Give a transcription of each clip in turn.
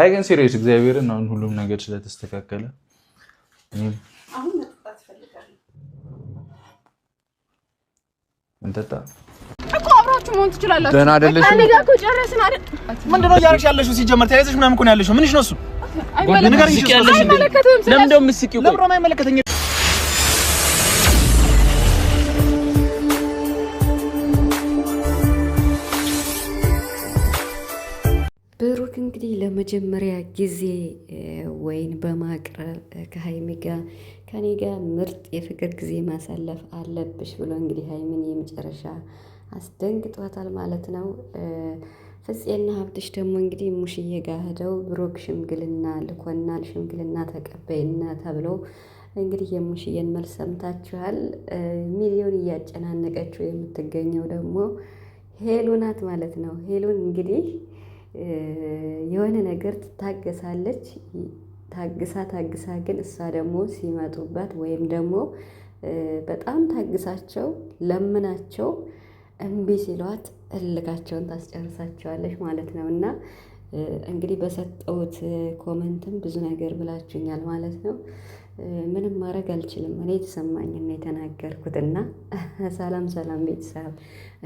አይ ግን ሲሪየስ እግዚአብሔርን አሁን ሁሉም ነገር ስለተስተካከለ እንጠጣ እኮ አብራችሁ መሆን ትችላላችሁ። ደህና አይደለሽም? እኔ ጋር እኮ ጨረስን አይደል? ምንድን ነው እያደረግሽ ያለሽው? ሲጀመር ተያይዘሽ ምናምን እኮ ነው ያለሽው። ምንሽ ነው እሱ? አይመለከተኝም። ለምንድን ነው የምትስቂው? ቆይ ለምንድን ነው የማይመለከተኝ ለመጀመሪያ ጊዜ ወይን በማቅረብ ከሀይሚ ጋር ከእኔ ጋር ምርጥ የፍቅር ጊዜ ማሳለፍ አለብሽ ብሎ እንግዲህ ሀይሚን የመጨረሻ አስደንግጧታል ማለት ነው። ፍፄና ሀብትሽ ደግሞ እንግዲህ ሙሽዬ ጋር ሄደው ብሩክ ሽምግልና ልኮናል፣ ሽምግልና ተቀበይና ተብለው እንግዲህ የሙሽዬን መልስ ሰምታችኋል። ሚሊዮን እያጨናነቀችው የምትገኘው ደግሞ ሄሉ ናት ማለት ነው። ሄሉን እንግዲህ የሆነ ነገር ትታገሳለች። ታግሳ ታግሳ ግን እሷ ደግሞ ሲመጡበት ወይም ደግሞ በጣም ታግሳቸው ለምናቸው እምቢ ሲሏት እልካቸውን ታስጨርሳቸዋለች ማለት ነው። እና እንግዲህ በሰጠሁት ኮመንትም ብዙ ነገር ብላችሁኛል ማለት ነው። ምንም ማድረግ አልችልም። እኔ የተሰማኝን ነው የተናገርኩት። ሰላም ሰላም ቤተሰብ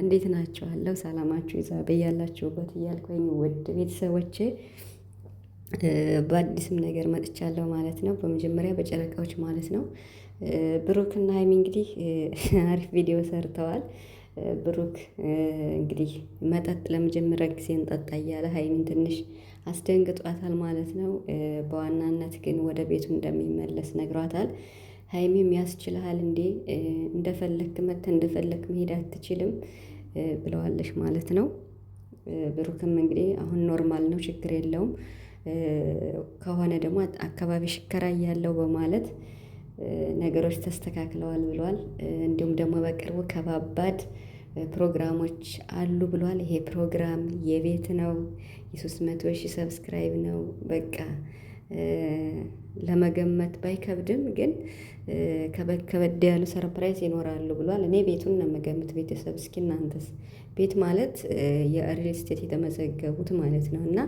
እንዴት ናችኋለሁ? ሰላማችሁ ይዛ በያላችሁበት እያልኩኝ ውድ ቤተሰቦቼ በአዲስም ነገር መጥቻለሁ ማለት ነው። በመጀመሪያ በጨረቃዎች ማለት ነው። ብሩክና ሀይሚ እንግዲህ አሪፍ ቪዲዮ ሰርተዋል። ብሩክ እንግዲህ መጠጥ ለመጀመሪያ ጊዜ እንጠጣ እያለ ሀይሚን ትንሽ አስደንግጧታል ማለት ነው። በዋናነት ግን ወደ ቤቱ እንደሚመለስ ነግሯታል። ሀይሚም ያስችልሃል እንዴ እንደፈለክ መጥተህ እንደፈለክ መሄድ አትችልም ብለዋለች ማለት ነው። ብሩክም እንግዲህ አሁን ኖርማል ነው ችግር የለውም ከሆነ ደግሞ አካባቢ ሽከራ ያለው በማለት ነገሮች ተስተካክለዋል ብሏል። እንዲሁም ደግሞ በቅርቡ ከባባድ ፕሮግራሞች አሉ ብሏል። ይሄ ፕሮግራም የቤት ነው የሶስት መቶ ሺህ ሰብስክራይብ ነው። በቃ ለመገመት ባይከብድም ግን ከበድ ያሉ ሰርፕራይዝ ይኖራሉ ብሏል። እኔ ቤቱን ነው የምገምት። ቤተሰብ እስኪ እናንተስ? ቤት ማለት የሪል ስቴት የተመዘገቡት ማለት ነው እና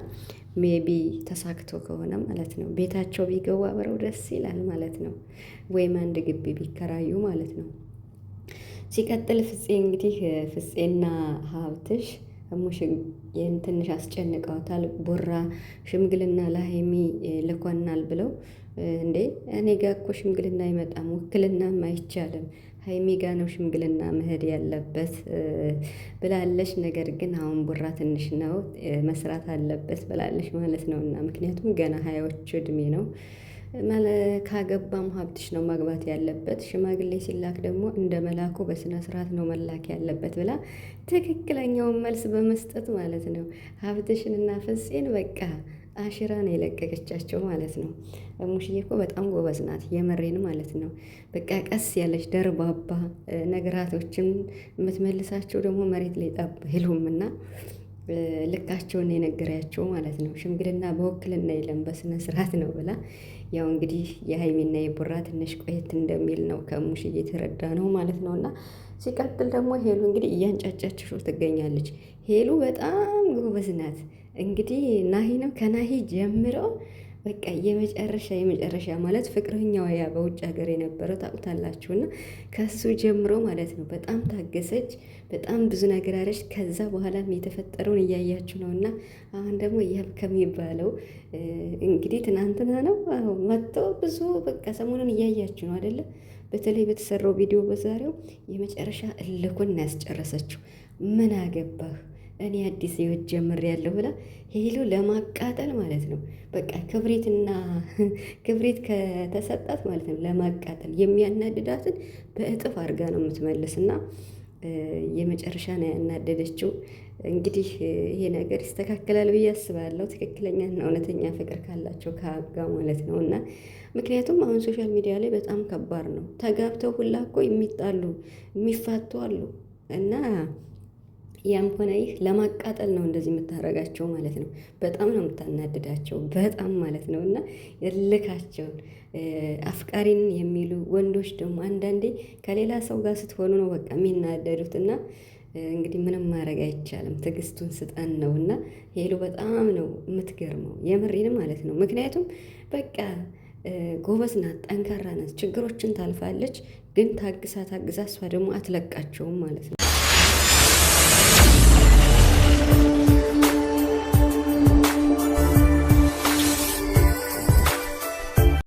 ሜቢ ተሳክቶ ከሆነ ማለት ነው ቤታቸው ቢገቡ አብረው ደስ ይላል ማለት ነው። ወይም አንድ ግቢ ቢከራዩ ማለት ነው ሲቀጥል ፍፄ እንግዲህ ፍፄና ሀብትሽ ሙሽ ይህን ትንሽ አስጨንቀውታል ቦራ ሽምግልና ለሀይሚ ልኮናል ብለው እንዴ እኔ ጋ እኮ ሽምግልና አይመጣም፣ ውክልናም አይቻልም ሀይሚ ጋ ነው ሽምግልና መሄድ ያለበት ብላለች። ነገር ግን አሁን ቦራ ትንሽ ነው መስራት አለበት ብላለች ማለት ነው እና ምክንያቱም ገና ሀያዎቹ እድሜ ነው ካገባም ሀብትሽ ነው ማግባት ያለበት፣ ሽማግሌ ሲላክ ደግሞ እንደ መላኩ በስነ ስርዓት ነው መላክ ያለበት ብላ ትክክለኛውን መልስ በመስጠት ማለት ነው ሀብትሽን እና ፍፄን በቃ አሽራ ነው የለቀቀቻቸው ማለት ነው። ሙሽዬ እኮ በጣም ጎበዝ ናት፣ የመሬን ማለት ነው። በቃ ቀስ ያለች ደርባባ ነገራቶችን የምትመልሳቸው ደግሞ መሬት ላይ ጣብ ሄሉም እና ልካቸውን የነገራቸው ማለት ነው። ሽምግልና በወክልና የለም በስነ ስርዓት ነው ብላ ያው እንግዲህ የሀይሚና የቡራ ትንሽ ቆየት እንደሚል ነው ከሙሽ እየተረዳ ነው ማለት ነው። እና ሲቀጥል ደግሞ ሄሉ እንግዲህ እያንጫጫችው ትገኛለች። ሄሉ በጣም ጎበዝ ናት። እንግዲህ ነው ከናሂ ጀምረው በቃ የመጨረሻ የመጨረሻ ማለት ፍቅረኛዋ ያ በውጭ ሀገር የነበረው ታውቁታላችሁ። እና ከሱ ጀምሮ ማለት ነው በጣም ታገሰች፣ በጣም ብዙ ነገር አለች። ከዛ በኋላ የተፈጠረውን እያያችሁ ነው። እና አሁን ደግሞ ያብ ከሚባለው እንግዲህ ትናንትና ነው መጥቶ ብዙ በቃ ሰሞኑን እያያችሁ ነው አደለ? በተለይ በተሰራው ቪዲዮ በዛሬው የመጨረሻ እልኩን ያስጨረሰችው ምን አገባህ እኔ አዲስ ህይወት ጀምሬያለሁ ብላ ሄሉ ለማቃጠል ማለት ነው። በቃ ክብሪትና ክብሪት ከተሰጣት ማለት ነው ለማቃጠል የሚያናድዳትን በእጥፍ አድርጋ ነው የምትመልስና የመጨረሻ ነው ያናደደችው። እንግዲህ ይሄ ነገር ይስተካከላል ብዬ አስባለሁ። ትክክለኛና እውነተኛ ፍቅር ካላቸው ከአጋ ማለት ነው እና ምክንያቱም አሁን ሶሻል ሚዲያ ላይ በጣም ከባድ ነው። ተጋብተው ሁላ እኮ የሚጣሉ የሚፋቱ አሉ እና ያም ሆነ ይህ ለማቃጠል ነው እንደዚህ የምታደርጋቸው ማለት ነው። በጣም ነው የምታናድዳቸው በጣም ማለት ነው። እና እልካቸውን አፍቃሪን የሚሉ ወንዶች ደግሞ አንዳንዴ ከሌላ ሰው ጋር ስትሆኑ ነው በቃ የሚናደዱት እና እንግዲህ ምንም ማድረግ አይቻልም። ትዕግስቱን ስጠን ነው እና ሄሉ በጣም ነው የምትገርመው የምሬን ማለት ነው። ምክንያቱም በቃ ጎበዝ ናት፣ ጠንካራ ናት፣ ችግሮችን ታልፋለች። ግን ታግሳ ታግሳ እሷ ደግሞ አትለቃቸውም ማለት ነው።